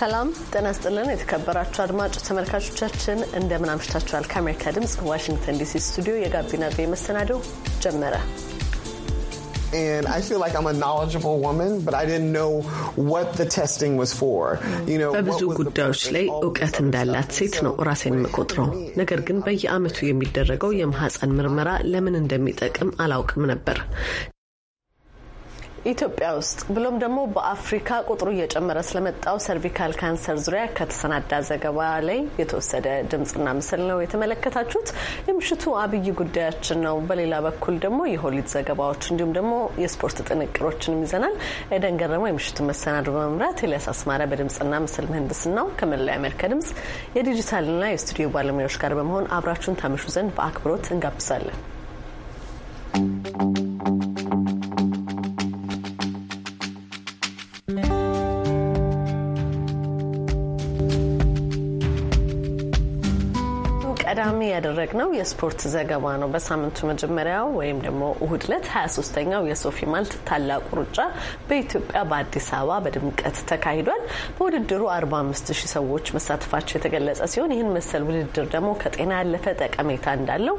ሰላም ጤና ስጥልን። የተከበራችሁ አድማጭ ተመልካቾቻችን እንደምን አምሽታችኋል? ከአሜሪካ ድምጽ ዋሽንግተን ዲሲ ስቱዲዮ የጋቢና ቤ መሰናደው ጀመረ። and I feel like I'm a knowledgeable woman, but I didn't know what the testing was for. You know, በብዙ ጉዳዮች ላይ እውቀት እንዳላት ሴት ነው ራሴን የምቆጥረው። ነገር ግን በየዓመቱ የሚደረገው የማህፀን ምርመራ ለምን እንደሚጠቅም አላውቅም ነበር። ኢትዮጵያ ውስጥ ብሎም ደግሞ በአፍሪካ ቁጥሩ እየጨመረ ስለመጣው ሰርቪካል ካንሰር ዙሪያ ከተሰናዳ ዘገባ ላይ የተወሰደ ድምጽና ምስል ነው የተመለከታችሁት። የምሽቱ አብይ ጉዳያችን ነው። በሌላ በኩል ደግሞ የሆሊድ ዘገባዎች እንዲሁም ደግሞ የስፖርት ጥንቅሮችንም ይዘናል። ኤደን ገረሞ የምሽቱ መሰናዱ በመምራት ኤልያስ አስማረ በድምጽና ምስል ምህንድስናው ከመላው የአሜሪካ ድምፅ የዲጂታልና የስቱዲዮ ባለሙያዎች ጋር በመሆን አብራችሁን ታመሹ ዘንድ በአክብሮት እንጋብዛለን። ያደረግነው የስፖርት ዘገባ ነው። በሳምንቱ መጀመሪያ ወይም ደግሞ እሁድ ዕለት 23ኛው የሶፊ ማልት ታላቁ ሩጫ በኢትዮጵያ በአዲስ አበባ በድምቀት ተካሂዷል። በውድድሩ 45 ሺህ ሰዎች መሳተፋቸው የተገለጸ ሲሆን ይህን መሰል ውድድር ደግሞ ከጤና ያለፈ ጠቀሜታ እንዳለው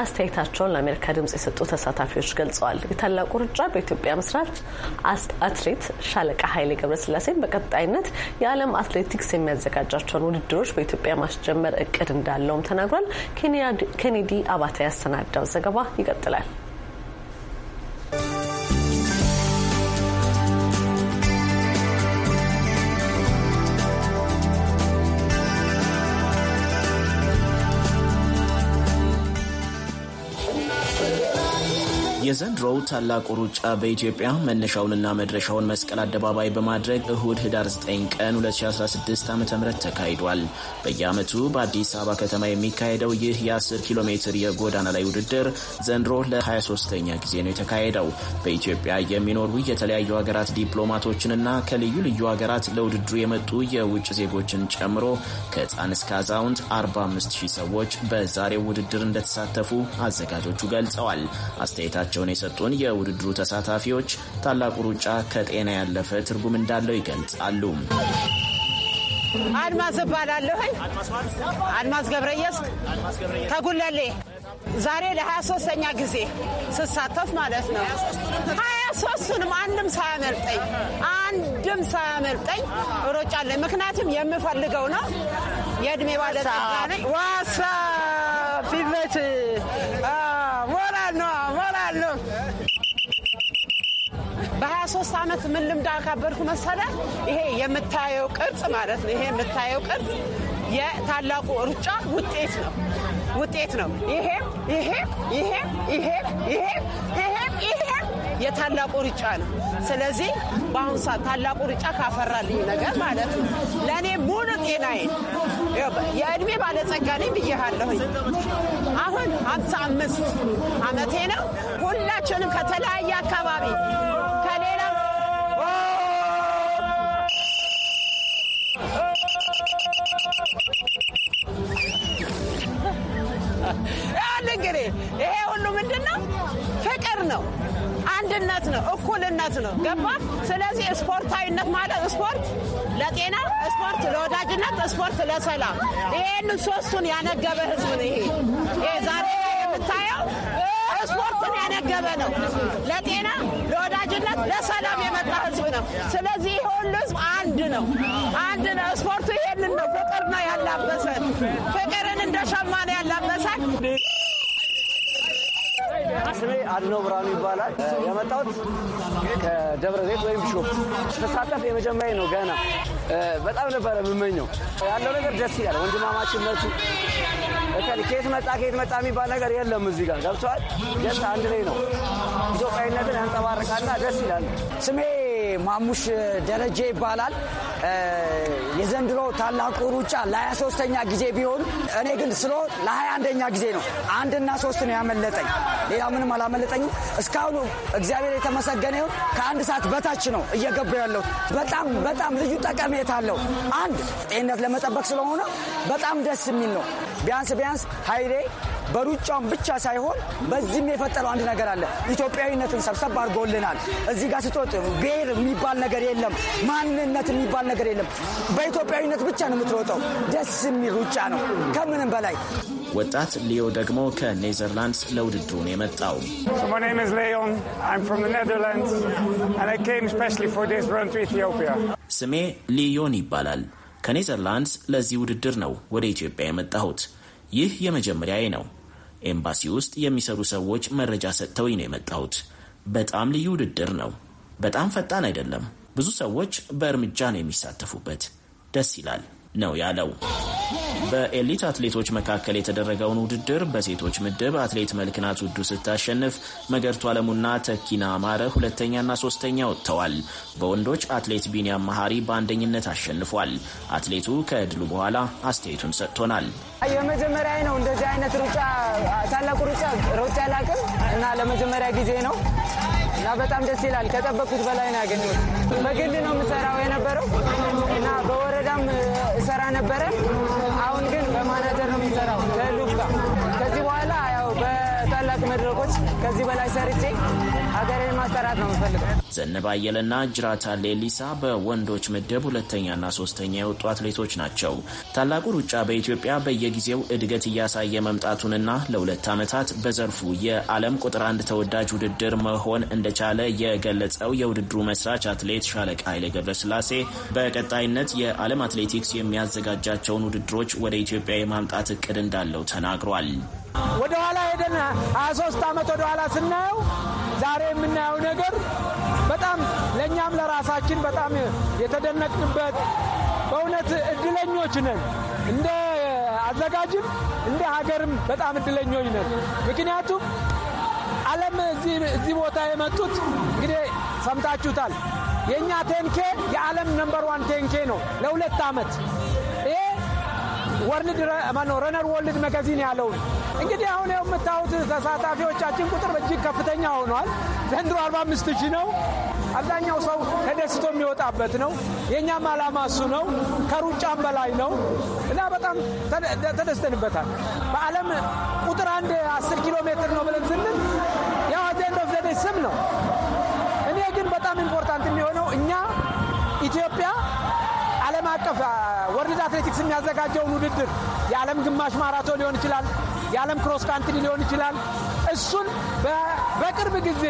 አስተያየታቸውን ለአሜሪካ ድምጽ የሰጡ ተሳታፊዎች ገልጸዋል። የታላቁ ሩጫ በኢትዮጵያ መስራች አትሌት ሻለቃ ኃይሌ ገብረስላሴን በቀጣይነት የዓለም አትሌቲክስ የሚያዘጋጃቸውን ውድድሮች በኢትዮጵያ ማስጀመር እቅድ እንዳለውም ተናግሯል። ኬኔዲ አባተ ያሰናዳው ዘገባ ይቀጥላል። የዘንድሮው ታላቁ ሩጫ በኢትዮጵያ መነሻውንና መድረሻውን መስቀል አደባባይ በማድረግ እሁድ ህዳር 9 ቀን 2016 ዓ ም ተካሂዷል። በየአመቱ በአዲስ አበባ ከተማ የሚካሄደው ይህ የ10 ኪሎ ሜትር የጎዳና ላይ ውድድር ዘንድሮ ለ23ኛ ጊዜ ነው የተካሄደው። በኢትዮጵያ የሚኖሩ የተለያዩ ሀገራት ዲፕሎማቶችንና ከልዩ ልዩ ሀገራት ለውድድሩ የመጡ የውጭ ዜጎችን ጨምሮ ከህፃን እስከ አዛውንት 45000 ሰዎች በዛሬው ውድድር እንደተሳተፉ አዘጋጆቹ ገልጸዋል። አስተያየታቸው አስተያየታቸውን የሰጡን የውድድሩ ተሳታፊዎች ታላቁ ሩጫ ከጤና ያለፈ ትርጉም እንዳለው ይገልጻሉ። አድማስ እባላለሁኝ። አድማስ ገብረየስ ተጉለሌ ዛሬ ለ23ኛ ጊዜ ስሳተፍ ማለት ነው። ሀያ ሶስቱንም አንድም ሳያመልጠኝ አንድም ሳያመልጠኝ ሮጫለኝ። ምክንያቱም የምፈልገው ነው። የእድሜ ባለጸጋ ነኝ። ዋሳ ፊበት ሞራል ነው አውቃለሁ። በሀያ ሶስት አመት ምን ልምድ አካበድኩ መሰለ? ይሄ የምታየው ቅርጽ ማለት ነው። ይሄ የምታየው ቅርጽ የታላቁ ሩጫ ውጤት ነው ውጤት ነው። ይሄ ይሄ ይሄ ይሄ ይሄ ይሄ ይሄ የታላቁ ሩጫ ነው። ስለዚህ በአሁኑ ሰዓት ታላቁ ሩጫ ካፈራልኝ ነገር ማለት ነው ለእኔ ሙሉ ጤናዬን የእድሜ ባለጸጋ ነኝ ብያለሁኝ። አሁን ሀምሳ አምስት አመቴ ነው። ሁላችንም ከተለያየ አካባቢ ከሌላ ያን እንግዲህ ይሄ ሁሉ ምንድን ነው? ፍቅር ነው። አንድነት ነው፣ እኩልነት ነው። ገባ? ስለዚህ ስፖርታዊነት ማለት ስፖርት ለጤና፣ ስፖርት ለወዳጅነት፣ ስፖርት ለሰላም፣ ይህን ሶስቱን ያነገበ ህዝብ ነው። ይሄ ዛሬ የምታየው ስፖርትን ያነገበ ነው። ለጤና፣ ለወዳጅነት፣ ለሰላም የመጣ ህዝብ ነው። ስለዚህ ሁሉ ህዝብ አንድ ነው፣ አንድ ነው። ስፖርቱ ይሄንን ነው። ፍቅር ነው ያላበሰን፣ ፍቅርን እንደ ሸማ ነው ያላበሰን። አድነው ብርሃኑ ይባላል። የመጣሁት ከደብረ ዘይት ወይም ቢሾፍቱ ተሳተፍ የመጀመሪያ ነው። ገና በጣም ነበረ የምመኘው። ያለው ነገር ደስ ይላል። ወንድማማችነቱ ከየት መጣ ከየት መጣ የሚባል ነገር የለም። እዚህ ጋር ገብተዋል። ደስ አንድ ላይ ነው። ኢትዮጵያዊነትን ያንጸባርቃልና ደስ ይላል። ስሜ ማሙሽ ደረጀ ይባላል። የዘንድሮ ታላቁ ሩጫ ለ 23 ጊዜ ቢሆን እኔ ግን ስሎ ለ21ኛ ጊዜ ነው። አንድና ሶስት ነው ያመለጠኝ። ሌላ ምንም አላመለጠኝም። እስካሁኑ እግዚአብሔር የተመሰገነ ይሁን ከአንድ ሰዓት በታች ነው እየገባ ያለው። በጣም በጣም ልዩ ጠቀሜታ አለው። አንድ ጤንነት ለመጠበቅ ስለሆነ በጣም ደስ የሚል ነው። ቢያንስ ቢያንስ ሀይሌ በሩጫውም ብቻ ሳይሆን በዚህም የፈጠረው አንድ ነገር አለ። ኢትዮጵያዊነትን ሰብሰብ አድርጎልናል። እዚህ ጋር ስትወጥ ብሔር የሚባል ነገር የለም። ማንነት የሚባል ነገር የለም። በኢትዮጵያዊነት ብቻ ነው የምትሮጠው። ደስ የሚል ሩጫ ነው ከምንም በላይ። ወጣት ሊዮ ደግሞ ከኔዘርላንድስ ለውድድሩን የመጣው። ስሜ ሊዮን ይባላል። ከኔዘርላንድስ ለዚህ ውድድር ነው ወደ ኢትዮጵያ የመጣሁት። ይህ የመጀመሪያዬ ነው። ኤምባሲ ውስጥ የሚሰሩ ሰዎች መረጃ ሰጥተውኝ ነው የመጣሁት። በጣም ልዩ ውድድር ነው። በጣም ፈጣን አይደለም። ብዙ ሰዎች በእርምጃ ነው የሚሳተፉበት። ደስ ይላል። ነው ያለው። በኤሊት አትሌቶች መካከል የተደረገውን ውድድር በሴቶች ምድብ አትሌት መልክናት ውዱ ስታሸንፍ መገርቱ አለሙና ተኪና አማረ ሁለተኛና ሶስተኛ ወጥተዋል። በወንዶች አትሌት ቢንያም መሀሪ በአንደኝነት አሸንፏል። አትሌቱ ከድሉ በኋላ አስተያየቱን ሰጥቶናል። የመጀመሪያ ነው እንደዚህ አይነት ሩጫ ታላቁ ሩጫ ሩጫ ላቅም እና ለመጀመሪያ ጊዜ ነው እና በጣም ደስ ይላል። ከጠበቅኩት በላይ ነው ያገኘሁት። በግል ነው የምሰራው የነበረው እና በወረ በጣም እሰራ ነበረ። አሁን ግን በማናጀር ነው የሚሰራው ከሉፍ ጋር። ከዚህ በኋላ ያው በታላቅ መድረኮች ከዚህ በላይ ሰርቼ ሀገሬን ማሰራት ነው የምፈልገው። ዘነበ ጅራታ ሌሊሳ በወንዶች ምድብ ሁለተኛና ሶስተኛ የወጡ አትሌቶች ናቸው። ታላቁ ሩጫ በኢትዮጵያ በየጊዜው እድገት እያሳየ መምጣቱንና ለሁለት ዓመታት በዘርፉ የዓለም ቁጥር አንድ ተወዳጅ ውድድር መሆን እንደቻለ የገለጸው የውድድሩ መስራች አትሌት ሻለቃ ኃይለ ገብረስላሴ በቀጣይነት የዓለም አትሌቲክስ የሚያዘጋጃቸውን ውድድሮች ወደ ኢትዮጵያ የማምጣት እቅድ እንዳለው ተናግሯል። ወደኋላ ሄደን 23 ዓመት ወደ ስናየው ዛሬ የምናየው ነገር በጣም ለእኛም ለራሳችን በጣም የተደነቅንበት በእውነት እድለኞች ነን እንደ አዘጋጅም እንደ ሀገርም በጣም እድለኞች ነን። ምክንያቱም ዓለም እዚህ ቦታ የመጡት እንግዲህ ሰምታችሁታል። የእኛ ቴንኬ የዓለም ነምበር ዋን ቴንኬ ነው ለሁለት ዓመት ወርልድ ማነው ረነር ወርልድ መጋዚን ያለውን እንግዲህ አሁን ው የምታዩት ተሳታፊዎቻችን ቁጥር እጅግ ከፍተኛ ሆኗል። ዘንድሮ 45 ሺህ ነው። አብዛኛው ሰው ተደስቶ የሚወጣበት ነው። የእኛም ዓላማ እሱ ነው። ከሩጫም በላይ ነው እና በጣም ተደስተንበታል። በዓለም ቁጥር አንድ 10 ኪሎ ሜትር ነው ብለን ስንል ያው አጀንዳ ኦፍ ዘዴ ስም ነው። እኔ ግን በጣም ኢምፖርታንት የሚሆነው እኛ ኢትዮጵያ አቀፍ ወርልድ አትሌቲክስ የሚያዘጋጀውን ውድድር የዓለም ግማሽ ማራቶን ሊሆን ይችላል፣ የዓለም ክሮስ ካንትሪ ሊሆን ይችላል። እሱን በቅርብ ጊዜ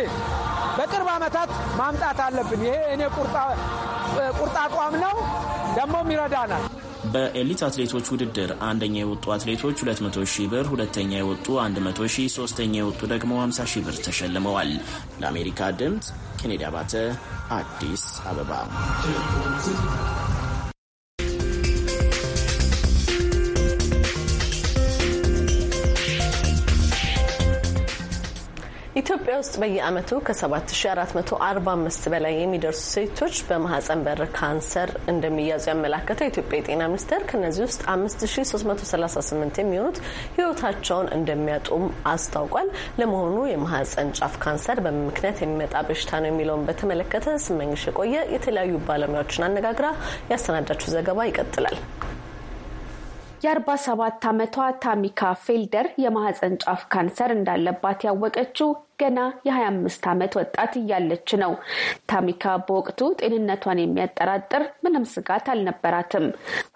በቅርብ ዓመታት ማምጣት አለብን። ይሄ እኔ ቁርጥ አቋም ነው፣ ደግሞም ይረዳናል። በኤሊት አትሌቶች ውድድር አንደኛ የወጡ አትሌቶች 200 ሺህ ብር፣ ሁለተኛ የወጡ 100 ሺህ፣ ሶስተኛ የወጡ ደግሞ 50 ሺህ ብር ተሸልመዋል። ለአሜሪካ ድምፅ ኬኔዲ አባተ አዲስ አበባ ኢትዮጵያ ውስጥ በየዓመቱ ከ7445 በላይ የሚደርሱ ሴቶች በማህፀን በር ካንሰር እንደሚያዙ ያመላከተው የኢትዮጵያ የጤና ሚኒስቴር ከነዚህ ውስጥ 5338 የሚሆኑት ህይወታቸውን እንደሚያጡም አስታውቋል። ለመሆኑ የማህፀን ጫፍ ካንሰር በምን ምክንያት የሚመጣ በሽታ ነው የሚለውን በተመለከተ ስመኝሽ የቆየ የተለያዩ ባለሙያዎችን አነጋግራ ያሰናዳችው ዘገባ ይቀጥላል። የ47 ዓመቷ ታሚካ ፌልደር የማህፀን ጫፍ ካንሰር እንዳለባት ያወቀችው ገና የ25 ዓመት ወጣት እያለች ነው። ታሚካ በወቅቱ ጤንነቷን የሚያጠራጥር ምንም ስጋት አልነበራትም።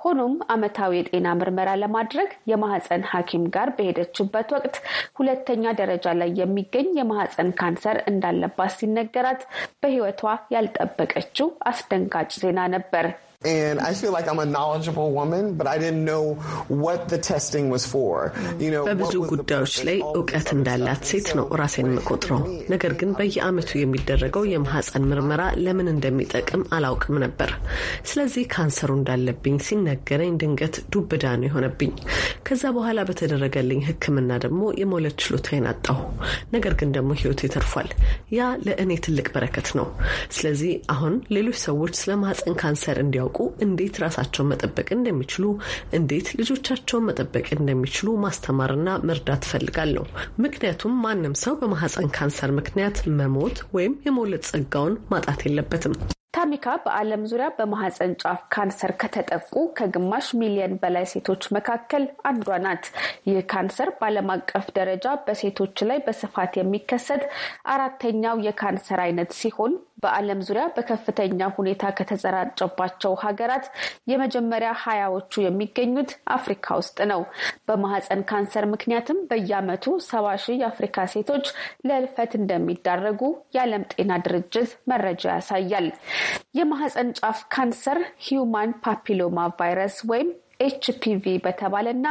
ሆኖም ዓመታዊ የጤና ምርመራ ለማድረግ የማህፀን ሐኪም ጋር በሄደችበት ወቅት ሁለተኛ ደረጃ ላይ የሚገኝ የማህፀን ካንሰር እንዳለባት ሲነገራት በህይወቷ ያልጠበቀችው አስደንጋጭ ዜና ነበር። And I feel like I'm a knowledgeable woman, but I didn't know what the testing was for. You know, በብዙ ጉዳዮች ላይ እውቀት እንዳላት ሴት ነው ራሴን የምቆጥረው። ነገር ግን በየዓመቱ የሚደረገው የማህፀን ምርመራ ለምን እንደሚጠቅም አላውቅም ነበር። ስለዚህ ካንሰሩ እንዳለብኝ ሲነገረኝ ድንገት ዱብ ነው የሆነብኝ። ከዛ በኋላ በተደረገልኝ ሕክምና ደግሞ የመውለድ ችሎታዬን አጣሁ። ነገር ግን ደግሞ ህይወቴ ተርፏል። ያ ለእኔ ትልቅ በረከት ነው። ስለዚህ አሁን ሌሎች ሰዎች ስለ ማህፀን ካንሰር እንዲያው ስለሚያውቁ እንዴት ራሳቸውን መጠበቅ እንደሚችሉ፣ እንዴት ልጆቻቸውን መጠበቅ እንደሚችሉ ማስተማርና መርዳት እፈልጋለሁ። ምክንያቱም ማንም ሰው በማህፀን ካንሰር ምክንያት መሞት ወይም የመውለድ ጸጋውን ማጣት የለበትም። ታሚካ በዓለም ዙሪያ በማህፀን ጫፍ ካንሰር ከተጠቁ ከግማሽ ሚሊዮን በላይ ሴቶች መካከል አንዷ ናት። ይህ ካንሰር በዓለም አቀፍ ደረጃ በሴቶች ላይ በስፋት የሚከሰት አራተኛው የካንሰር አይነት ሲሆን በዓለም ዙሪያ በከፍተኛ ሁኔታ ከተዘራጨባቸው ሀገራት የመጀመሪያ ሀያዎቹ የሚገኙት አፍሪካ ውስጥ ነው። በማህፀን ካንሰር ምክንያትም በየዓመቱ ሰባ ሺህ የአፍሪካ ሴቶች ለህልፈት እንደሚዳረጉ የዓለም ጤና ድርጅት መረጃ ያሳያል። የማህፀን ጫፍ ካንሰር ሂዩማን ፓፒሎማ ቫይረስ ወይም ኤችፒቪ በተባለና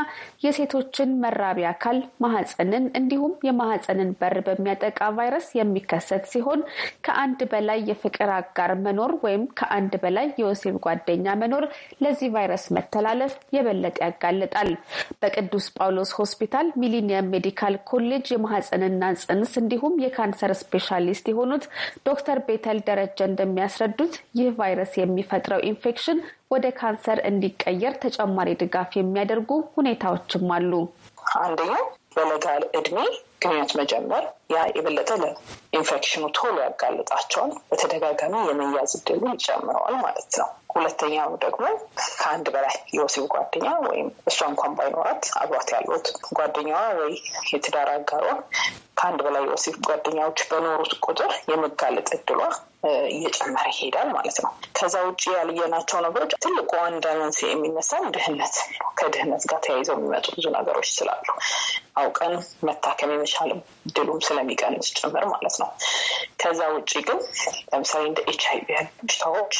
የሴቶችን መራቢ አካል ማህፀንን እንዲሁም የማህፀንን በር በሚያጠቃ ቫይረስ የሚከሰት ሲሆን ከአንድ በላይ የፍቅር አጋር መኖር ወይም ከአንድ በላይ የወሲብ ጓደኛ መኖር ለዚህ ቫይረስ መተላለፍ የበለጠ ያጋልጣል። በቅዱስ ጳውሎስ ሆስፒታል ሚሊኒየም ሜዲካል ኮሌጅ የማህፀንና ጽንስ እንዲሁም የካንሰር ስፔሻሊስት የሆኑት ዶክተር ቤተል ደረጀ እንደሚያስረዱት ይህ ቫይረስ የሚፈጥረው ኢንፌክሽን ወደ ካንሰር እንዲቀየር ተጨማሪ ድጋፍ የሚያደርጉ ሁኔታዎችም አሉ። አንደኛው በለጋል እድሜ ግንኙነት መጀመር ያ የበለጠ ለኢንፌክሽኑ ቶሎ ያጋልጣቸዋል። በተደጋጋሚ የመያዝ እድሉ ይጨምረዋል ማለት ነው። ሁለተኛው ደግሞ ከአንድ በላይ የወሲብ ጓደኛ ወይም እሷ እንኳን ባይኖራት አብሯት ያሉት ጓደኛዋ ወይ የትዳር አጋሯ ከአንድ በላይ የወሲብ ጓደኛዎች በኖሩት ቁጥር የመጋለጥ እድሏ እየጨመረ ይሄዳል ማለት ነው። ከዛ ውጭ ያልየናቸው ነገሮች ትልቁ አንድ መንስኤ የሚነሳው ድህነት ከድህነት ጋር ተያይዘው የሚመጡ ብዙ ነገሮች ስላሉ አውቀን መታከም የመቻል ድሉም ስለሚቀንስ ጭምር ማለት ነው። ከዛ ውጭ ግን ለምሳሌ እንደ ኤች አይ ቪ በሽታዎች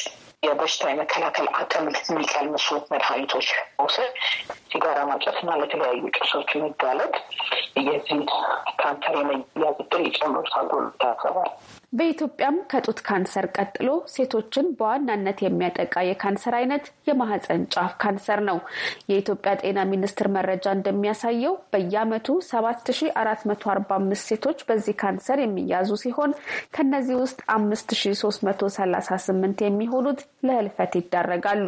የበሽታ የመከላከል አቅም የሚቀንሱ መድኃኒቶች መውሰድ፣ ሲጋራ ማጨስ እና ለተለያዩ ጭሶች መጋለጥ የዚህ ካንሰር የመያዝ ዕድል ይጨምሩታል ተብሎ ይታሰባል። በኢትዮጵያም ከጡት ካንሰር ቀጥሎ ሴቶችን በዋናነት የሚያጠቃ የካንሰር አይነት የማህፀን ጫፍ ካንሰር ነው። የኢትዮጵያ ጤና ሚኒስቴር መረጃ እንደሚያሳየው በየዓመቱ 7445 ሴቶች በዚህ ካንሰር የሚያዙ ሲሆን ከነዚህ ውስጥ 5338 የሚሆኑት ለህልፈት ይዳረጋሉ።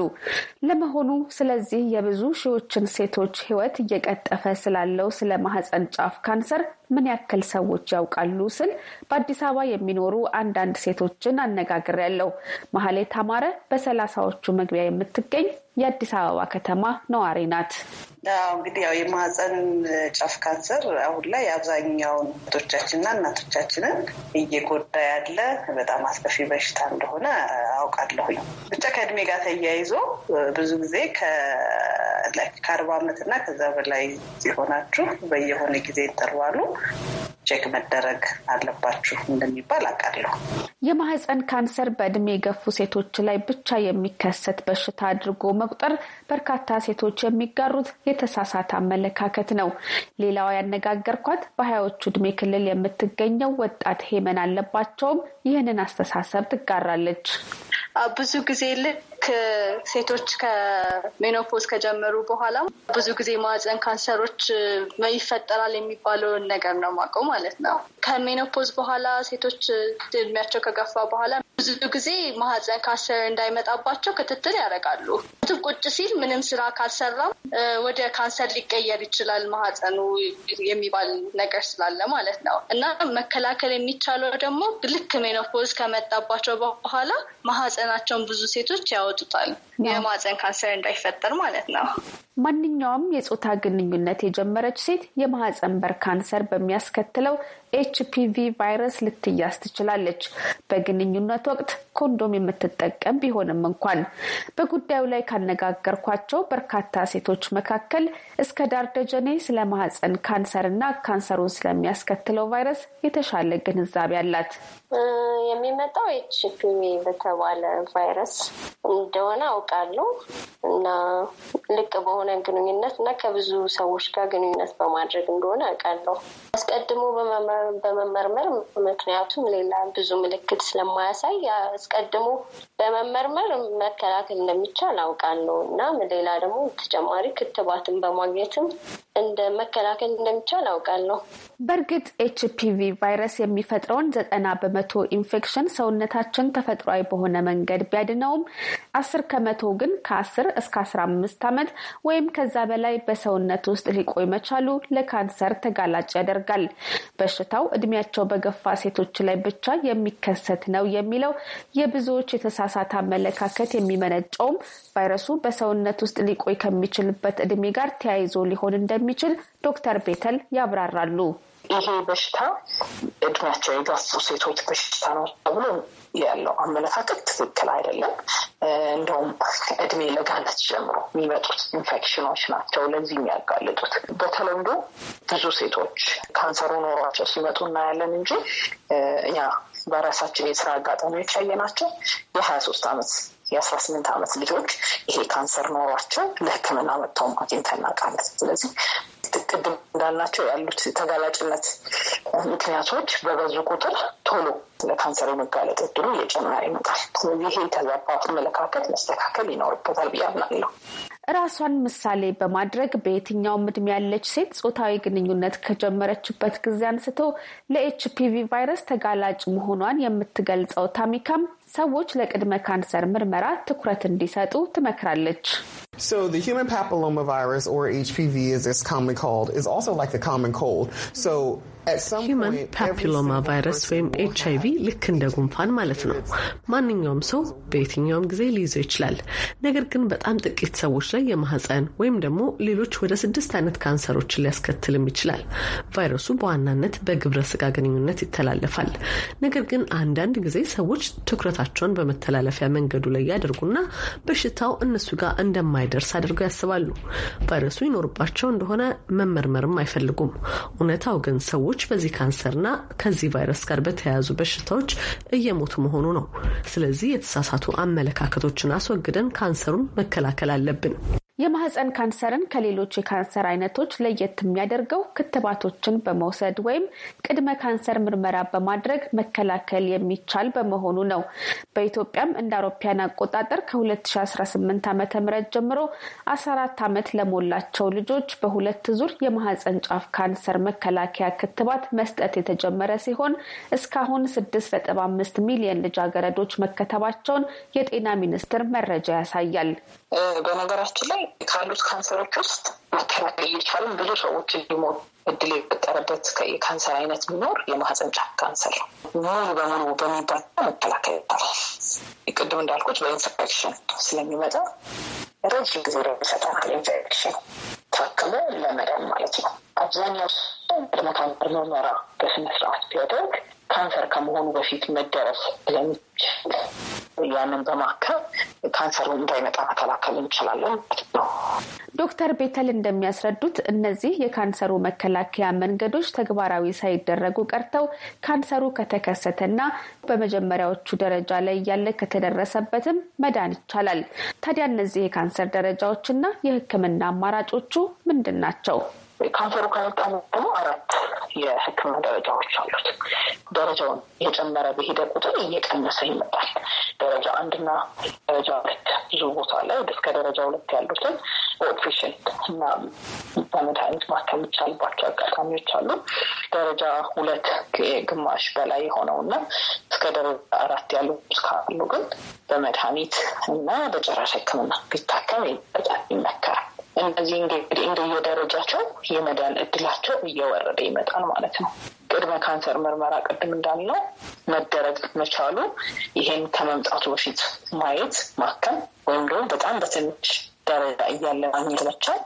ለመሆኑ ስለዚህ የብዙ ሺዎችን ሴቶች ህይወት እየቀጠፈ ስላለው ስለ ማህፀን ጫፍ ካንሰር ምን ያክል ሰዎች ያውቃሉ ስል በአዲስ አበባ የሚኖሩ አንዳንድ ሴቶችን አነጋግሬያለሁ። መሀሌ ታማረ በሰላሳዎቹ መግቢያ የምትገኝ የአዲስ አበባ ከተማ ነዋሪ ናት። እንግዲህ ያው የማህፀን ጫፍ ካንሰር አሁን ላይ አብዛኛውን እህቶቻችንና እናቶቻችንን እየጎዳ ያለ በጣም አስከፊ በሽታ እንደሆነ አውቃለሁኝ። ብቻ ከእድሜ ጋር ተያይዞ ብዙ ጊዜ ከአርባ ዓመት እና ከዛ በላይ ሲሆናችሁ በየሆነ ጊዜ ይጠርባሉ። ቼክ መደረግ አለባችሁ እንደሚባል አውቃለሁ። የማህፀን ካንሰር በእድሜ የገፉ ሴቶች ላይ ብቻ የሚከሰት በሽታ አድርጎ መቁጠር በርካታ ሴቶች የሚጋሩት የተሳሳተ አመለካከት ነው። ሌላዋ ያነጋገርኳት በሀያዎቹ እድሜ ክልል የምትገኘው ወጣት ሄመን አለባቸውም ይህንን አስተሳሰብ ትጋራለች። ብዙ ጊዜ ልክ ሴቶች ከሜኖፖዝ ከጀመሩ በኋላ ብዙ ጊዜ ማህፀን ካንሰሮች ይፈጠራል የሚባለውን ነገር ነው ማውቀው ማለት ነው። ከሜኖፖዝ በኋላ ሴቶች እድሜያቸው ከገፋ በኋላ ብዙ ጊዜ ማህፀን ካንሰር እንዳይመጣባቸው ክትትል ያደርጋሉ። ትም ቁጭ ሲል ምንም ስራ ካልሰራም ወደ ካንሰር ሊቀየር ይችላል ማህፀኑ የሚባል ነገር ስላለ ማለት ነው እና መከላከል የሚቻለው ደግሞ ልክ ሜኖፖዝ ከመጣባቸው በኋላ ማህፀናቸውን ብዙ ሴቶች ያው ያወጡታል። የማህፀን ካንሰር እንዳይፈጠር ማለት ነው። ማንኛውም የፆታ ግንኙነት የጀመረች ሴት የማህፀን በር ካንሰር በሚያስከትለው ኤችፒቪ ቫይረስ ልትያዝ ትችላለች በግንኙነት ወቅት ኮንዶም የምትጠቀም ቢሆንም እንኳን። በጉዳዩ ላይ ካነጋገርኳቸው በርካታ ሴቶች መካከል እስከ ዳር ደጀኔ ስለ ማህፀን ካንሰር እና ካንሰሩን ስለሚያስከትለው ቫይረስ የተሻለ ግንዛቤ አላት። የሚመጣው ኤችፒቪ በተባለ ቫይረስ እንደሆነ አውቃለሁ እና ልቅ በሆነ ግንኙነት እና ከብዙ ሰዎች ጋር ግንኙነት በማድረግ እንደሆነ አውቃለሁ አስቀድሞ በመመራ በመመርመር ምክንያቱም ሌላ ብዙ ምልክት ስለማያሳይ አስቀድሞ በመመርመር መከላከል እንደሚቻል አውቃለሁ እና ሌላ ደግሞ ተጨማሪ ክትባትን በማግኘትም እንደ መከላከል እንደሚቻል አውቃለሁ። በእርግጥ ኤች ፒ ቪ ቫይረስ የሚፈጥረውን ዘጠና በመቶ ኢንፌክሽን ሰውነታችን ተፈጥሯዊ በሆነ መንገድ ቢያድነውም አስር ከመቶ ግን ከአስር እስከ አስራ አምስት ዓመት ወይም ከዛ በላይ በሰውነት ውስጥ ሊቆይ መቻሉ ለካንሰር ተጋላጭ ያደርጋል። በሽ በሽታው እድሜያቸው በገፋ ሴቶች ላይ ብቻ የሚከሰት ነው የሚለው የብዙዎች የተሳሳተ አመለካከት የሚመነጨውም ቫይረሱ በሰውነት ውስጥ ሊቆይ ከሚችልበት እድሜ ጋር ተያይዞ ሊሆን እንደሚችል ዶክተር ቤተል ያብራራሉ። ይሄ በሽታ እድሜያቸው የገፉ ሴቶች በሽታ ነው ተብሎ ያለው አመለካከት ትክክል አይደለም። እንደውም እድሜ ለጋነት ጀምሮ የሚመጡት ኢንፌክሽኖች ናቸው ለዚህ የሚያጋልጡት። በተለምዶ ብዙ ሴቶች ካንሰሩ ኖሯቸው ሲመጡ እናያለን እንጂ እኛ በራሳችን የስራ አጋጣሚዎች ያየናቸው የሀያ ሶስት አመት የአስራ ስምንት አመት ልጆች ይሄ ካንሰር ኖሯቸው ለሕክምና መጥተው አግኝተን እናውቃለን። ስለዚህ ቅድም እንዳልናቸው ያሉት ተጋላጭነት ምክንያቶች በበዙ ቁጥር ቶሎ ለካንሰር የመጋለጥ እድሉ እየጨመረ ይመጣል። ስለዚህ ይሄ የተዛባ አመለካከት መስተካከል ይኖርበታል ብዬ አምናለሁ። ራሷን ምሳሌ በማድረግ በየትኛውም እድሜ ያለች ሴት ጾታዊ ግንኙነት ከጀመረችበት ጊዜ አንስቶ ለኤችፒቪ ቫይረስ ተጋላጭ መሆኗን የምትገልጸው ታሚካም ሰዎች ለቅድመ ካንሰር ምርመራ ትኩረት እንዲሰጡ ትመክራለች። So the human papillomavirus, or HPV as it's commonly called, is also like the common cold. So ሂውማን ፓፒሎማ ቫይረስ ወይም ኤች አይቪ ልክ እንደ ጉንፋን ማለት ነው። ማንኛውም ሰው በየትኛውም ጊዜ ሊይዘው ይችላል። ነገር ግን በጣም ጥቂት ሰዎች ላይ የማህፀን ወይም ደግሞ ሌሎች ወደ ስድስት አይነት ካንሰሮችን ሊያስከትልም ይችላል። ቫይረሱ በዋናነት በግብረ ስጋ ግንኙነት ይተላለፋል። ነገር ግን አንዳንድ ጊዜ ሰዎች ትኩረታቸውን በመተላለፊያ መንገዱ ላይ ያደርጉና በሽታው እነሱ ጋር እንደማይደርስ አድርገው ያስባሉ። ቫይረሱ ይኖርባቸው እንደሆነ መመርመርም አይፈልጉም። እውነታው ግን ሰዎች ሰዎች በዚህ ካንሰርና ከዚህ ቫይረስ ጋር በተያያዙ በሽታዎች እየሞቱ መሆኑ ነው። ስለዚህ የተሳሳቱ አመለካከቶችን አስወግደን ካንሰሩን መከላከል አለብን። የማህፀን ካንሰርን ከሌሎች የካንሰር አይነቶች ለየት የሚያደርገው ክትባቶችን በመውሰድ ወይም ቅድመ ካንሰር ምርመራ በማድረግ መከላከል የሚቻል በመሆኑ ነው። በኢትዮጵያም እንደ አውሮፓያን አቆጣጠር ከ2018 ዓ.ም ጀምሮ 14 ዓመት ለሞላቸው ልጆች በሁለት ዙር የማህፀን ጫፍ ካንሰር መከላከያ ክትባት መስጠት የተጀመረ ሲሆን እስካሁን 6.5 ሚሊዮን ልጃገረዶች መከተባቸውን የጤና ሚኒስቴር መረጃ ያሳያል። በነገራችን ላይ ካሉት ካንሰሮች ውስጥ መከላከል እየቻሉም ብዙ ሰዎች እንዲሞቱ እድል የፈጠረበት የካንሰር አይነት ቢኖር የማህፀን ጫፍ ካንሰር ሙሉ በሙሉ በሚባል መከላከል ይባላል። ቅድም እንዳልኩት በኢንፌክሽን ስለሚመጣ ረጅም ጊዜ ይሰጠናል። ኢንፌክሽን ታክሞ ለመዳን ማለት ነው። አብዛኛው ቅድመ ካንሰር ምርመራ በስነስርዓት ቢያደርግ ካንሰር ከመሆኑ በፊት መደረስ ስለሚችል ያንን በማከብ ካንሰሩ እንዳይመጣ መከላከል እንችላለን ነው። ዶክተር ቤተል እንደሚያስረዱት እነዚህ የካንሰሩ መከላከያ መንገዶች ተግባራዊ ሳይደረጉ ቀርተው ካንሰሩ ከተከሰተና በመጀመሪያዎቹ ደረጃ ላይ ያለ ከተደረሰበትም መዳን ይቻላል። ታዲያ እነዚህ የካንሰር ደረጃዎችና የሕክምና አማራጮቹ ምንድን ናቸው? ካንሰሩ ከመጣ ደግሞ አራት የህክምና ደረጃዎች አሉት። ደረጃውን እየጨመረ በሄደ ቁጥር እየቀነሰ ይመጣል። ደረጃ አንድና ደረጃ ሁለት ብዙ ቦታ ላይ እስከ ደረጃ ሁለት ያሉትን ኦፕሬሽንት እና በመድኃኒት ማከም ይቻልባቸው አጋጣሚዎች አሉ። ደረጃ ሁለት ግማሽ በላይ የሆነው እና እስከ ደረጃ አራት ያሉ እስካሉ ግን በመድኃኒት እና በጨራሽ ህክምና ቢታከም ይመከራል። እነዚህ እንግዲህ እንደየደረጃቸው የመዳን እድላቸው እየወረደ ይመጣል ማለት ነው። ቅድመ ካንሰር ምርመራ ቅድም እንዳልነው መደረግ መቻሉ ይሄን ከመምጣቱ በፊት ማየት ማከም ወይም ደግሞ በጣም በትንሽ ደረጃ እያለ ማግኘት መቻል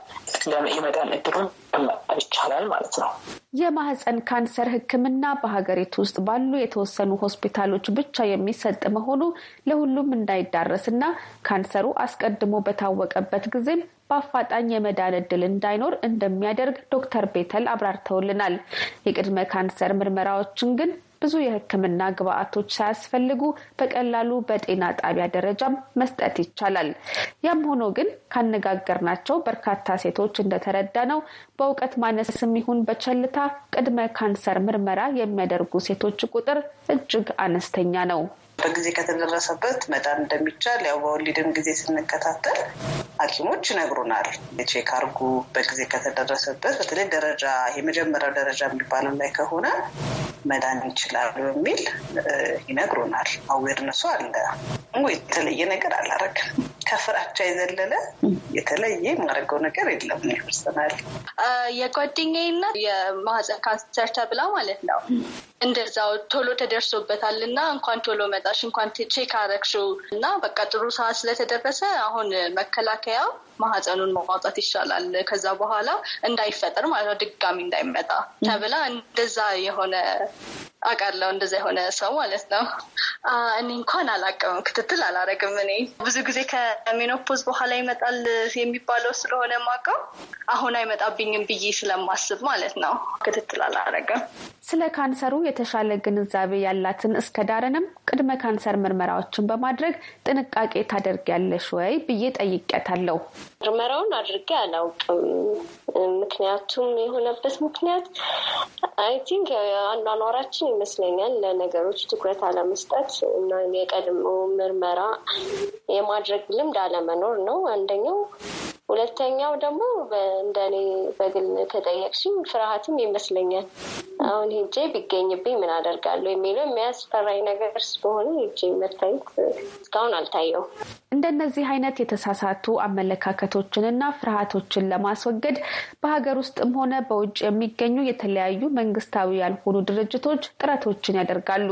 የመዳን እድሉን ይቻላል ማለት ነው። የማህፀን ካንሰር ሕክምና በሀገሪቱ ውስጥ ባሉ የተወሰኑ ሆስፒታሎች ብቻ የሚሰጥ መሆኑ ለሁሉም እንዳይዳረስ እና ካንሰሩ አስቀድሞ በታወቀበት ጊዜም በአፋጣኝ የመዳን እድል እንዳይኖር እንደሚያደርግ ዶክተር ቤተል አብራርተውልናል። የቅድመ ካንሰር ምርመራዎችን ግን ብዙ የሕክምና ግብአቶች ሳያስፈልጉ በቀላሉ በጤና ጣቢያ ደረጃም መስጠት ይቻላል። ያም ሆኖ ግን ካነጋገርናቸው በርካታ ሴቶች እንደተረዳ ነው በእውቀት ማነስም ይሁን በቸልታ ቅድመ ካንሰር ምርመራ የሚያደርጉ ሴቶች ቁጥር እጅግ አነስተኛ ነው። በጊዜ ከተደረሰበት መዳን እንደሚቻል ያው በወሊድም ጊዜ ስንከታተል ሐኪሞች ይነግሩናል። ቼክ አርጉ በጊዜ ከተደረሰበት በተለይ ደረጃ የመጀመሪያው ደረጃ የሚባለው ላይ ከሆነ መዳን ይችላሉ በሚል ይነግሩናል። አዌርነሱ አለ። የተለየ ነገር አላረግም። ከፍራቻ የዘለለ የተለየ የማደርገው ነገር የለም። ፐርሰናል የጓደኛዬ የማህፀን ካንሰር ተብላ ማለት ነው እንደዛው ቶሎ ተደርሶበታል እና እንኳን ቶሎ መጣሽ እንኳን ቼክ አረግሽው እና በቃ ጥሩ ሰዓት ስለተደረሰ አሁን መከላከያው ማህፀኑን ማውጣት ይሻላል ከዛ በኋላ እንዳይፈጠር ማለት ነው ድጋሚ እንዳይመጣ ተብላ እንደዛ የሆነ አውቃለሁ እንደዛ የሆነ ሰው ማለት ነው። እኔ እንኳን አላውቅም፣ ክትትል አላረግም። እኔ ብዙ ጊዜ ከሜኖፖዝ በኋላ ይመጣል የሚባለው ስለሆነ የማውቀው አሁን አይመጣብኝም ብዬ ስለማስብ ማለት ነው ክትትል አላረግም። ስለ ካንሰሩ የተሻለ ግንዛቤ ያላትን እስከ ዳረንም ቅድመ ካንሰር ምርመራዎችን በማድረግ ጥንቃቄ ታደርጊያለሽ ወይ ብዬ ጠይቄያታለሁ። ምርመራውን አድርጌ አላውቅም። ምክንያቱም የሆነበት ምክንያት አይ ቲንክ አኗኗራችን ይመስለኛል ለነገሮች ትኩረት አለመስጠት እና የቀድሞ ምርመራ የማድረግ ልምድ አለመኖር ነው አንደኛው። ሁለተኛው ደግሞ እንደኔ በግል ከጠየቅሽኝ ፍርሃትም ይመስለኛል። አሁን ሄጄ ቢገኝብኝ ምን አደርጋለሁ የሚለው የሚያስፈራኝ ነገር ስለሆነ ሄጄ መታየት እስካሁን አልታየው። እንደነዚህ አይነት የተሳሳቱ አመለካከቶችንና ፍርሃቶችን ለማስወገድ በሀገር ውስጥም ሆነ በውጭ የሚገኙ የተለያዩ መንግስታዊ ያልሆኑ ድርጅቶች ጥረቶችን ያደርጋሉ።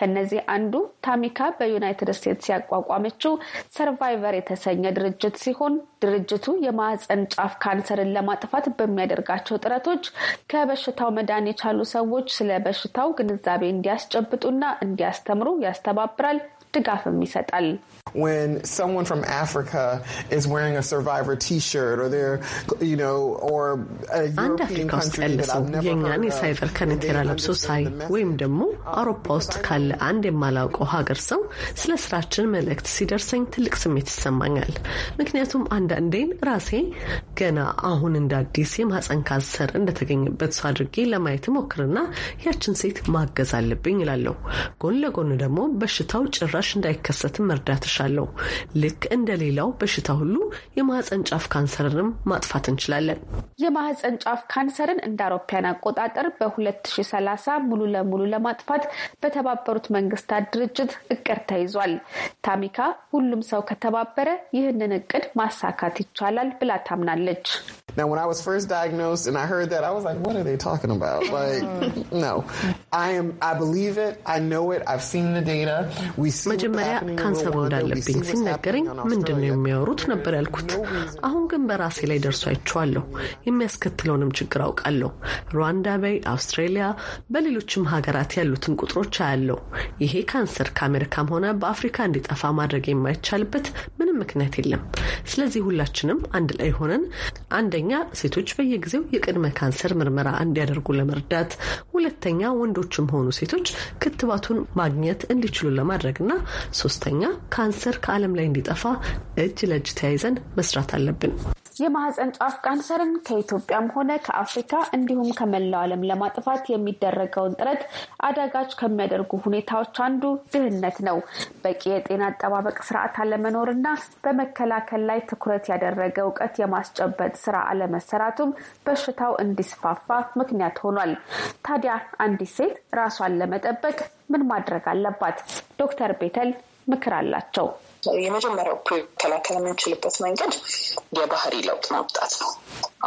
ከነዚህ አንዱ ታሚካ በዩናይትድ ስቴትስ ያቋቋመችው ሰርቫይቨር የተሰኘ ድርጅት ሲሆን ድርጅቱ የማዕፀን ጫፍ ካንሰርን ለማጥፋት በሚያደርጋቸው ጥረቶች ከበሽታው መዳን የቻሉ ሰዎች ስለ በሽታው ግንዛቤ እንዲያስጨብጡና እንዲያስተምሩ ያስተባብራል፣ ድጋፍም ይሰጣል። when someone from Africa is wearing a survivor T-shirt or they're you know or a አንድ አፍሪካ ውስጥ ያለ ሰው የእኛን የሳይፈር ከነቴራ ለብሶ ሳይ ወይም ደግሞ አውሮፓ ውስጥ ካለ አንድ የማላውቀው ሀገር ሰው ስለ ስራችን መልእክት ሲደርሰኝ ትልቅ ስሜት ይሰማኛል። ምክንያቱም አንዳንዴን ራሴ ገና አሁን እንደ አዲስ የማህፀን ካንሰር እንደተገኘበት ሰው አድርጌ ለማየት ሞክርና ያችን ሴት ማገዝ አለብኝ ይላለሁ። ጎን ለጎን ደግሞ በሽታው ጭራሽ እንዳይከሰትም መርዳት አሻለሁ። ልክ እንደሌላው በሽታ ሁሉ የማህፀን ጫፍ ካንሰርንም ማጥፋት እንችላለን። የማህፀን ጫፍ ካንሰርን እንደ አውሮፓያን አቆጣጠር በ2030 ሙሉ ለሙሉ ለማጥፋት በተባበሩት መንግስታት ድርጅት እቅድ ተይዟል። ታሚካ ሁሉም ሰው ከተባበረ ይህንን እቅድ ማሳካት ይቻላል ብላ ታምናለች። mm. መጀመሪያ ካንሰሩ እንዳለ እንዳለብኝ ሲነገረኝ ምንድን ነው የሚያወሩት ነበር ያልኩት። አሁን ግን በራሴ ላይ ደርሶ አይቼዋለሁ። የሚያስከትለውንም ችግር አውቃለሁ። ሩዋንዳ በይ አውስትሬሊያ፣ በሌሎችም ሀገራት ያሉትን ቁጥሮች አያለሁ። ይሄ ካንሰር ከአሜሪካም ሆነ በአፍሪካ እንዲጠፋ ማድረግ የማይቻልበት ምንም ምክንያት የለም። ስለዚህ ሁላችንም አንድ ላይ ሆነን አንደኛ ሴቶች በየጊዜው የቅድመ ካንሰር ምርመራ እንዲያደርጉ ለመርዳት፣ ሁለተኛ ወንዶችም ሆኑ ሴቶች ክትባቱን ማግኘት እንዲችሉ ለማድረግና ሶስተኛ ካንሰር ከዓለም ላይ እንዲጠፋ እጅ ለእጅ ተያይዘን መስራት አለብን። የማህፀን ጫፍ ካንሰርን ከኢትዮጵያም ሆነ ከአፍሪካ እንዲሁም ከመላው ዓለም ለማጥፋት የሚደረገውን ጥረት አዳጋች ከሚያደርጉ ሁኔታዎች አንዱ ድህነት ነው። በቂ የጤና አጠባበቅ ስርዓት አለመኖርና በመከላከል ላይ ትኩረት ያደረገ እውቀት የማስጨበጥ ስራ አለመሰራቱም በሽታው እንዲስፋፋ ምክንያት ሆኗል። ታዲያ አንዲት ሴት ራሷን ለመጠበቅ ምን ማድረግ አለባት? ዶክተር ቤተል ምክር አላቸው። የመጀመሪያው መከላከል የምንችልበት መንገድ የባህሪ ለውጥ ማምጣት ነው።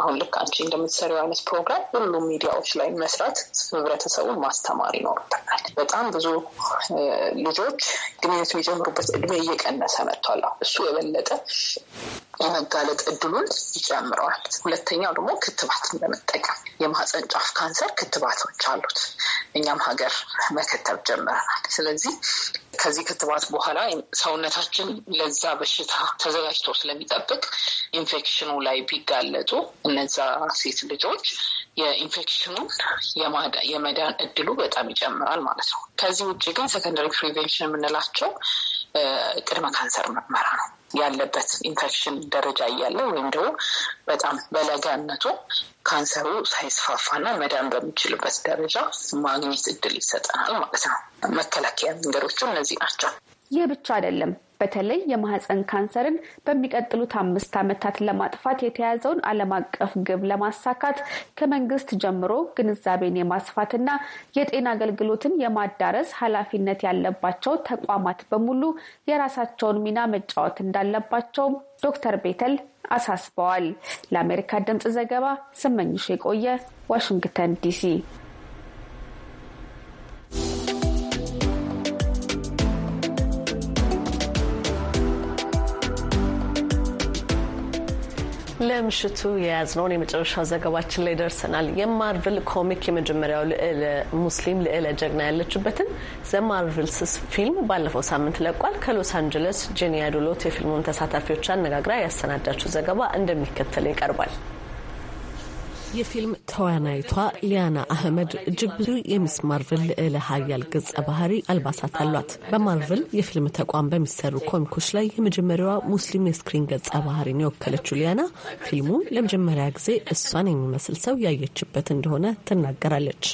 አሁን ልክ አንቺ እንደምትሰሪው አይነት ፕሮግራም ሁሉም ሚዲያዎች ላይ መስራት ህብረተሰቡን ማስተማር ይኖርበታል። በጣም ብዙ ልጆች ግንኙነት የሚጀምሩበት እድሜ እየቀነሰ መጥቷል። እሱ የበለጠ የመጋለጥ እድሉን ይጨምረዋል። ሁለተኛው ደግሞ ክትባትን በመጠቀም የማህፀን ጫፍ ካንሰር ክትባቶች አሉት። እኛም ሀገር መከተብ ጀምረናል። ስለዚህ ከዚህ ክትባት በኋላ ሰውነታችን ለዛ በሽታ ተዘጋጅቶ ስለሚጠብቅ ኢንፌክሽኑ ላይ ቢጋለጡ እነዛ ሴት ልጆች የኢንፌክሽኑን የመዳን እድሉ በጣም ይጨምራል ማለት ነው። ከዚህ ውጭ ግን ሰከንደሪ ፕሪቬንሽን የምንላቸው ቅድመ ካንሰር ምርመራ ነው ያለበት ኢንፌክሽን ደረጃ እያለ ወይም ደግሞ በጣም በለጋነቱ ካንሰሩ ሳይስፋፋና መዳን በሚችልበት ደረጃ ማግኘት እድል ይሰጠናል ማለት ነው። መከላከያ መንገዶቹ እነዚህ ናቸው። ይህ ብቻ አይደለም። በተለይ የማህፀን ካንሰርን በሚቀጥሉት አምስት ዓመታት ለማጥፋት የተያዘውን ዓለም አቀፍ ግብ ለማሳካት ከመንግስት ጀምሮ ግንዛቤን የማስፋትና የጤና አገልግሎትን የማዳረስ ኃላፊነት ያለባቸው ተቋማት በሙሉ የራሳቸውን ሚና መጫወት እንዳለባቸውም ዶክተር ቤተል አሳስበዋል። ለአሜሪካ ድምፅ ዘገባ ስመኝሽ የቆየ ዋሽንግተን ዲሲ። ለምሽቱ የያዝነውን የመጨረሻ ዘገባችን ላይ ደርሰናል። የማርቭል ኮሚክ የመጀመሪያው ልዕለ ሙስሊም ልዕለ ጀግና ያለችበትን ዘማርቭልስ ፊልም ባለፈው ሳምንት ለቋል። ከሎስ አንጀለስ ጄኒያ ዶሎት የፊልሙን ተሳታፊዎች አነጋግራ ያሰናዳችው ዘገባ እንደሚከተል ይቀርባል። የፊልም ተዋናይቷ ሊያና አህመድ እጅግ ብዙ የሚስ ማርቨል ልዕለ ሀያል ገጸ ባህሪ አልባሳት አሏት። በማርቨል የፊልም ተቋም በሚሰሩ ኮሚኮች ላይ የመጀመሪያዋ ሙስሊም የስክሪን ገጸ ባህሪን የወከለችው ሊያና ፊልሙ ለመጀመሪያ ጊዜ እሷን የሚመስል ሰው ያየችበት እንደሆነ ትናገራለች።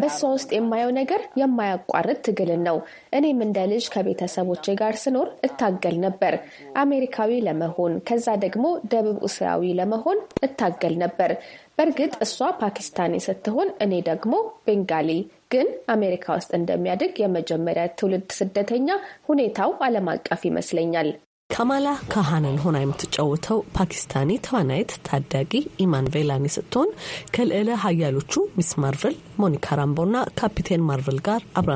በእሷ ውስጥ የማየው ነገር የማያቋርጥ ትግልን ነው። እኔም እንደ ልጅ ከቤተሰቦቼ ጋር ስኖር እታገል ነበር። አሜሪካዊ ለመሆን ከዛ ደግሞ ደቡብ እስያዊ ለመሆን እታገል ነበር። በእርግጥ እሷ ፓኪስታኒ ስትሆን እኔ ደግሞ ቤንጋሊ ግን አሜሪካ ውስጥ እንደሚያድግ የመጀመሪያ ትውልድ ስደተኛ ሁኔታው ዓለም አቀፍ ይመስለኛል። ካማላ ካሃንን ሆና የምትጫወተው ፓኪስታኒ ተዋናይት ታዳጊ ኢማን ቬላኒ ስትሆን ከልዕለ ሀያሎቹ ሚስ ማርቨል፣ ሞኒካ ራምቦና ካፒቴን ማርቨል ጋር አብራ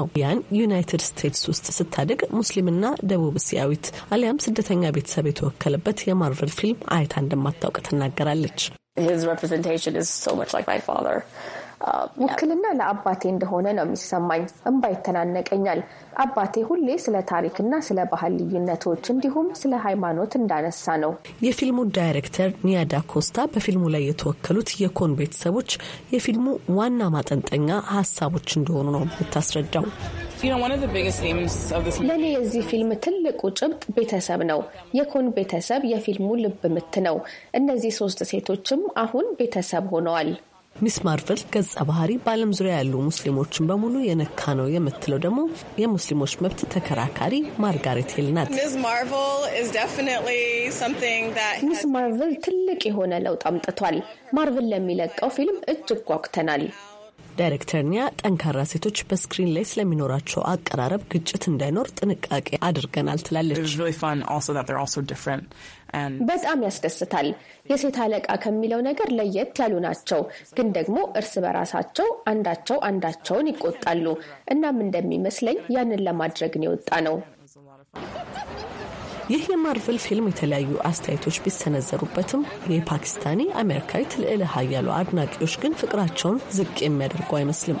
ነው ያን ዩናይትድ ስቴትስ ውስጥ ስታደግ ሙስሊምና ደቡብ እስያዊት አሊያም ስደተኛ ቤተሰብ የተወከለበት የማርቨል ፊልም አይታ እንደማታውቅ ትናገራለች። His representation is so much like my father. ውክልና ለአባቴ እንደሆነ ነው የሚሰማኝ። እንባ ይተናነቀኛል። አባቴ ሁሌ ስለ ታሪክና ስለ ባህል ልዩነቶች እንዲሁም ስለ ሃይማኖት እንዳነሳ ነው። የፊልሙ ዳይሬክተር ኒያዳ ኮስታ በፊልሙ ላይ የተወከሉት የኮን ቤተሰቦች የፊልሙ ዋና ማጠንጠኛ ሀሳቦች እንደሆኑ ነው የምታስረዳው። ለእኔ የዚህ ፊልም ትልቁ ጭብጥ ቤተሰብ ነው። የኮን ቤተሰብ የፊልሙ ልብ ምት ነው። እነዚህ ሶስት ሴቶችም አሁን ቤተሰብ ሆነዋል። ሚስ ማርቨል ገጸ ባህሪ በዓለም ዙሪያ ያሉ ሙስሊሞችን በሙሉ የነካ ነው የምትለው ደግሞ የሙስሊሞች መብት ተከራካሪ ማርጋሬት ሂል ናት። ሚስ ማርቨል ትልቅ የሆነ ለውጥ አምጥቷል። ማርቨል ለሚለቀው ፊልም እጅግ ጓጉተናል። ዳይሬክተር ኒያ ጠንካራ ሴቶች በስክሪን ላይ ስለሚኖራቸው አቀራረብ ግጭት እንዳይኖር ጥንቃቄ አድርገናል ትላለች። በጣም ያስደስታል። የሴት አለቃ ከሚለው ነገር ለየት ያሉ ናቸው፣ ግን ደግሞ እርስ በራሳቸው አንዳቸው አንዳቸውን ይቆጣሉ። እናም እንደሚመስለኝ ያንን ለማድረግ ነው የወጣ ነው። ይህ የማርቨል ፊልም የተለያዩ አስተያየቶች ቢሰነዘሩበትም የፓኪስታኒ አሜሪካዊት ልዕለ ሀያሉ አድናቂዎች ግን ፍቅራቸውን ዝቅ የሚያደርጉ አይመስልም።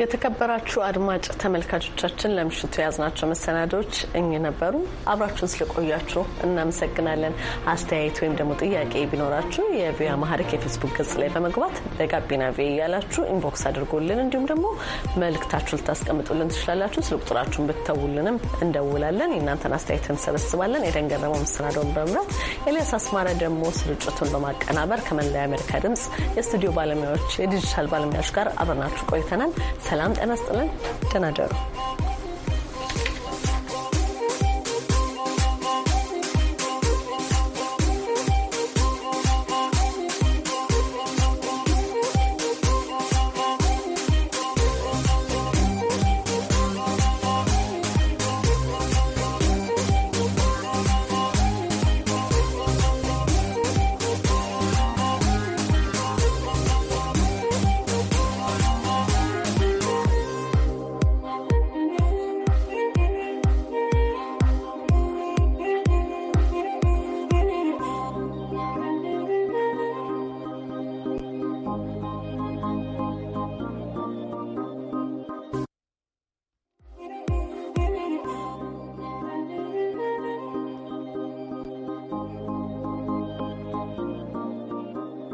የተከበራችሁ አድማጭ ተመልካቾቻችን ለምሽቱ የያዝናቸው መሰናዶዎች እኚህ ነበሩ። አብራችሁን ስለቆያችሁ እናመሰግናለን። አስተያየት ወይም ደግሞ ጥያቄ ቢኖራችሁ የቪያ ማህሪክ የፌስቡክ ገጽ ላይ በመግባት በጋቢና ቪ እያላችሁ ኢንቦክስ አድርጎልን እንዲሁም ደግሞ መልእክታችሁ ልታስቀምጡልን ትችላላችሁ። ስልክ ቁጥራችሁን ብትተውልንም እንደውላለን። የእናንተን አስተያየት እንሰበስባለን። የደንገረመ መሰናዶውን በመምራት ኤልያስ አስማረ ደግሞ ስርጭቱን በማቀናበር ከመለያ አሜሪካ ድምጽ የስቱዲዮ ባለሙያዎች፣ የዲጂታል ባለሙያዎች ጋር አብረናችሁ ቆይተናል። ሰላም ጤና ይስጥልን። ደህና